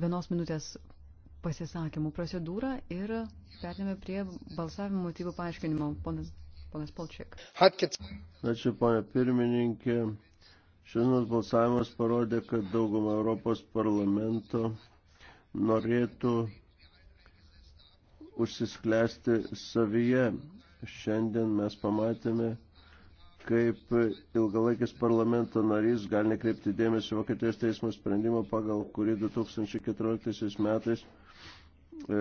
vienos minutės pasisakymų procedūrą ir perėmėme prie balsavimo motyvų paaiškinimo. Ponas, ponas Polčiak. Ačiū, ponia pirmininkė. Šiandienos balsavimas parodė, kad dauguma Europos parlamento norėtų užsisklęsti savyje. Šiandien mes pamatėme, kaip ilgalaikis parlamento narys gali nekreipti dėmesio Vokietijos teismo sprendimo, pagal kurį 2014 metais e,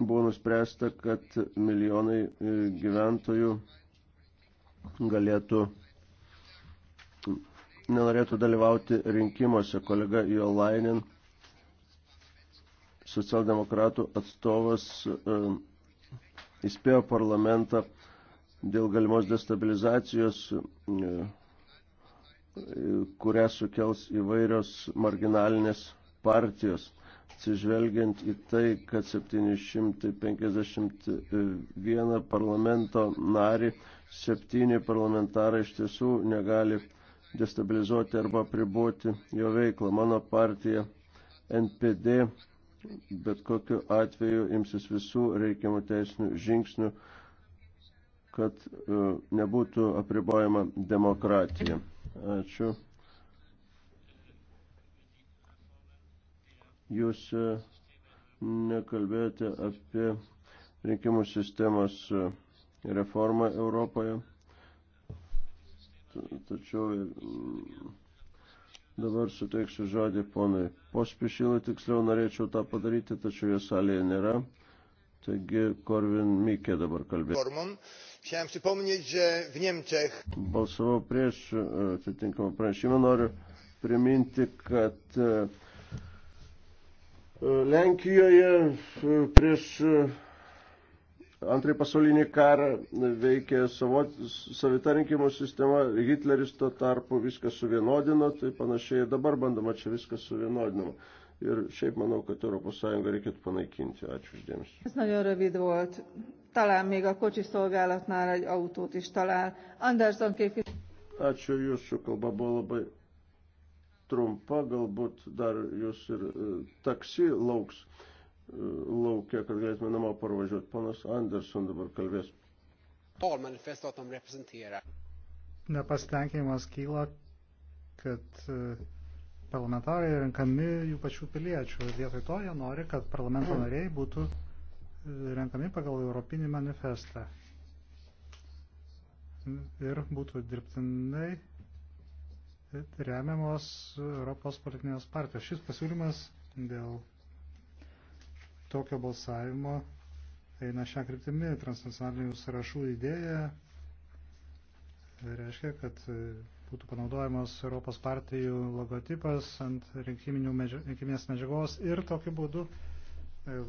buvo nuspręsta, kad milijonai e, gyventojų galėtų nenorėtų dalyvauti rinkimuose. Kolega Jolainin, socialdemokratų atstovas, e, įspėjo parlamentą dėl galimos destabilizacijos, e, kurią sukels įvairios marginalinės partijos. Atsižvelgiant į tai, kad 751 parlamento nari, septyni parlamentarai iš tiesų negali destabilizuoti arba pribuoti jo veiklą. Mano partija NPD bet kokiu atveju imsis visų reikiamų teisinių žingsnių kad e, nebūtų apribojama demokratija. Ačiū. Jūs e, nekalbėjote apie rinkimų sistemos e, reformą Europoje, tačiau dabar suteiksiu žodį ponai Pospišilai, tiksliau norėčiau tą padaryti, tačiau jo salėje nėra. Taigi Korvin Mikė dabar kalbėjo. Chciałem przypomnieć, że w Niemczech. Balsavau prieš e, atitinkamą pranešimą. Noriu priminti, kad e, e, Lenkijoje prieš antrąjį pasaulinį karą veikė savita rinkimų sistema, Hitleris tuo tarpu viską suvienodino, tai panašiai dabar bandoma čia viską suvienodinama. Ir šiaip manau, kad ES reikėtų panaikinti. Ačiū uždėmesi talán még a kocsiszolgálatnál egy autót is talál. Anderson képviselő. Ačiū jūsų kalba buvo labai trumpa, galbūt dar jūs ir e, taksi lauks e, laukia, kad galėtume namo parvažiuoti. Panas Anderson dabar kalbės. Nepastenkinimas kyla, kad e, parlamentarai renkami jų pačių piliečių. Vietoj to jie nori, kad parlamento nariai būtų renkami pagal Europinį manifestą. Ir būtų dirbtinai remiamos Europos politinės partijos. Šis pasiūlymas dėl tokio balsavimo eina šią kryptimį. Transnacionalinių sąrašų idėja reiškia, kad būtų panaudojamas Europos partijų logotipas ant rinkiminės medžiagos ir tokiu būdu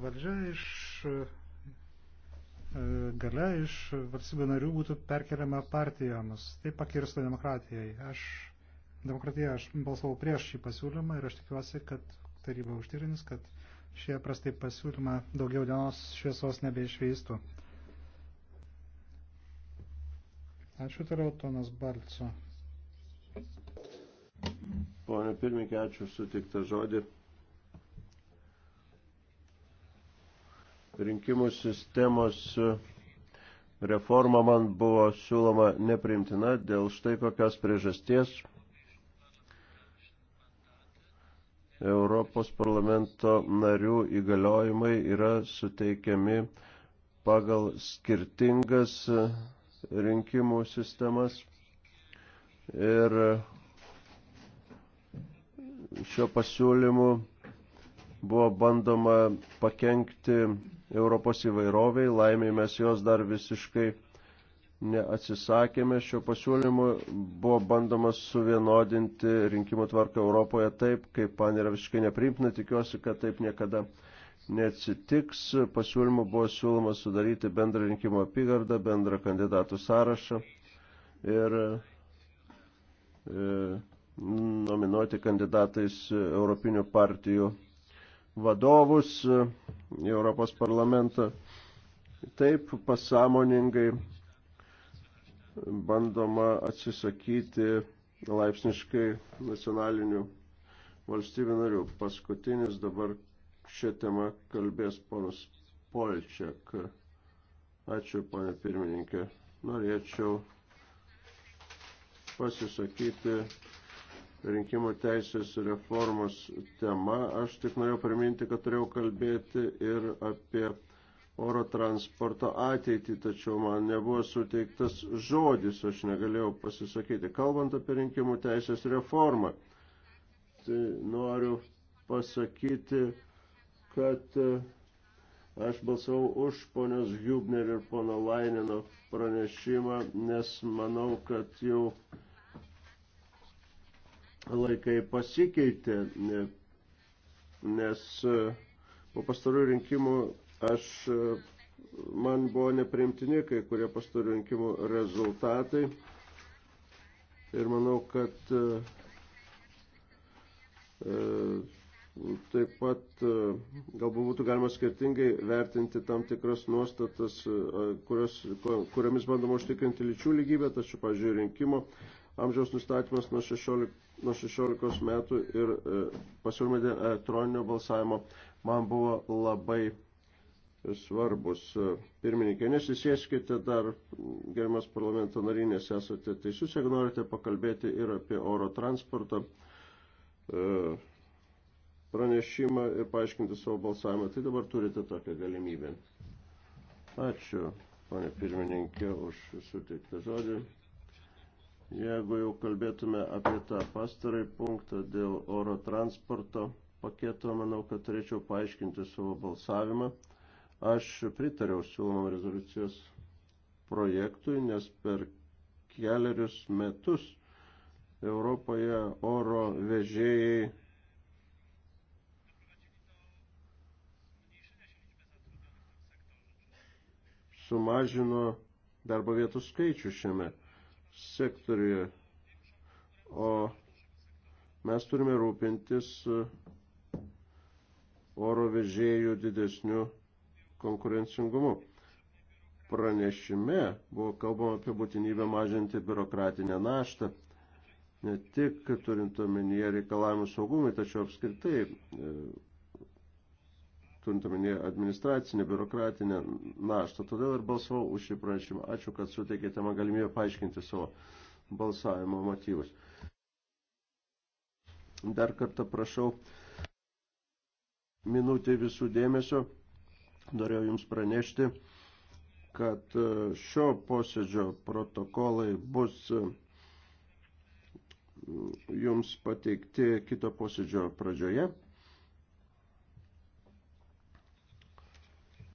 valdžia iš E, gale iš valstybių narių būtų perkeliama partijoms. Tai pakirsto demokratijai. Aš, demokratija, aš balsavau prieš šį pasiūlymą ir aš tikiuosi, kad taryba užtikrins, kad šie prastai pasiūlymą daugiau dienos šviesos nebeišveistų. Ačiū toliau, Tonas Balco. Pone pirmininkė, ačiū sutiktą žodį. rinkimų sistemos e, reforma man buvo siūloma neprimtina dėl štai kokios priežasties. Europos parlamento narių įgaliojimai yra suteikiami pagal skirtingas e, rinkimų sistemas ir šio pasiūlymu buvo bandoma pakengti Europos įvairoviai, laimiai mes jos dar visiškai neatsisakėme šio pasiūlymo, buvo bandoma suvienodinti rinkimų tvarką Europoje taip, kaip man yra visiškai neprimtina, tikiuosi, kad taip niekada neatsitiks. Pasiūlymu buvo siūloma sudaryti bendrą rinkimo apygardą, bendrą kandidatų sąrašą ir e, nominuoti kandidatais Europinių partijų vadovus e, į Europos parlamentą. Taip pasąmoningai bandoma atsisakyti laipsniškai nacionalinių valstybių narių. Paskutinis dabar šią temą kalbės ponas Polčiak. Ačiū, ponė pirmininkė. Norėčiau pasisakyti rinkimų teisės reformos tema. Aš tik norėjau priminti, kad turėjau kalbėti ir apie oro transporto ateitį, tačiau man nebuvo suteiktas žodis, aš negalėjau pasisakyti. Kalbant apie rinkimų teisės reformą, tai noriu pasakyti, kad e, Aš balsavau už ponios Hubner ir pono Lainino pranešimą, nes manau, kad jau laikai pasikeitė, nes e, po pastarų rinkimų aš, e, man buvo neprimtini kai kurie pastarų rinkimų rezultatai ir manau, kad e, Taip pat galbūt būtų galima skirtingai vertinti tam tikras nuostatas, kurios, kuriamis bandoma užtikrinti lyčių lygybę, tačiau, pažiūrėjau, rinkimo amžiaus nustatymas nuo 16 nuo 16 metų ir e, pasiūlymai dėl elektroninio balsavimo man buvo labai svarbus. E, pirmininkė, nesisėskite dar, gerimas parlamento narinės, esate teisus, jeigu norite pakalbėti ir apie oro transportą e, pranešimą ir paaiškinti savo balsavimą, tai dabar turite tokią galimybę. Ačiū, ponė pirmininkė, už suteiktą žodį. Jeigu jau kalbėtume apie tą pastarąjį punktą dėl oro transporto paketo, manau, kad turėčiau paaiškinti savo balsavimą. Aš pritariau siūlomam rezoliucijos projektui, nes per keliarius metus Europoje oro vežėjai sumažino darbo vietų skaičių šiame sektoriuje. O mes turime rūpintis oro vežėjų didesniu konkurencingumu. Pranešime buvo kalbama apie būtinybę mažinti biurokratinę naštą, ne tik turint omenyje reikalavimus saugumui, tačiau apskritai e, turint omenyje administracinę, biurokratinę naštą. Todėl ir balsavau už šį pranešimą. Ačiū, kad suteikėte man galimybę paaiškinti savo balsavimo motyvus. Dar kartą prašau minutė visų dėmesio. Norėjau Jums pranešti, kad e, šio posėdžio protokolai bus e, Jums pateikti kito posėdžio pradžioje.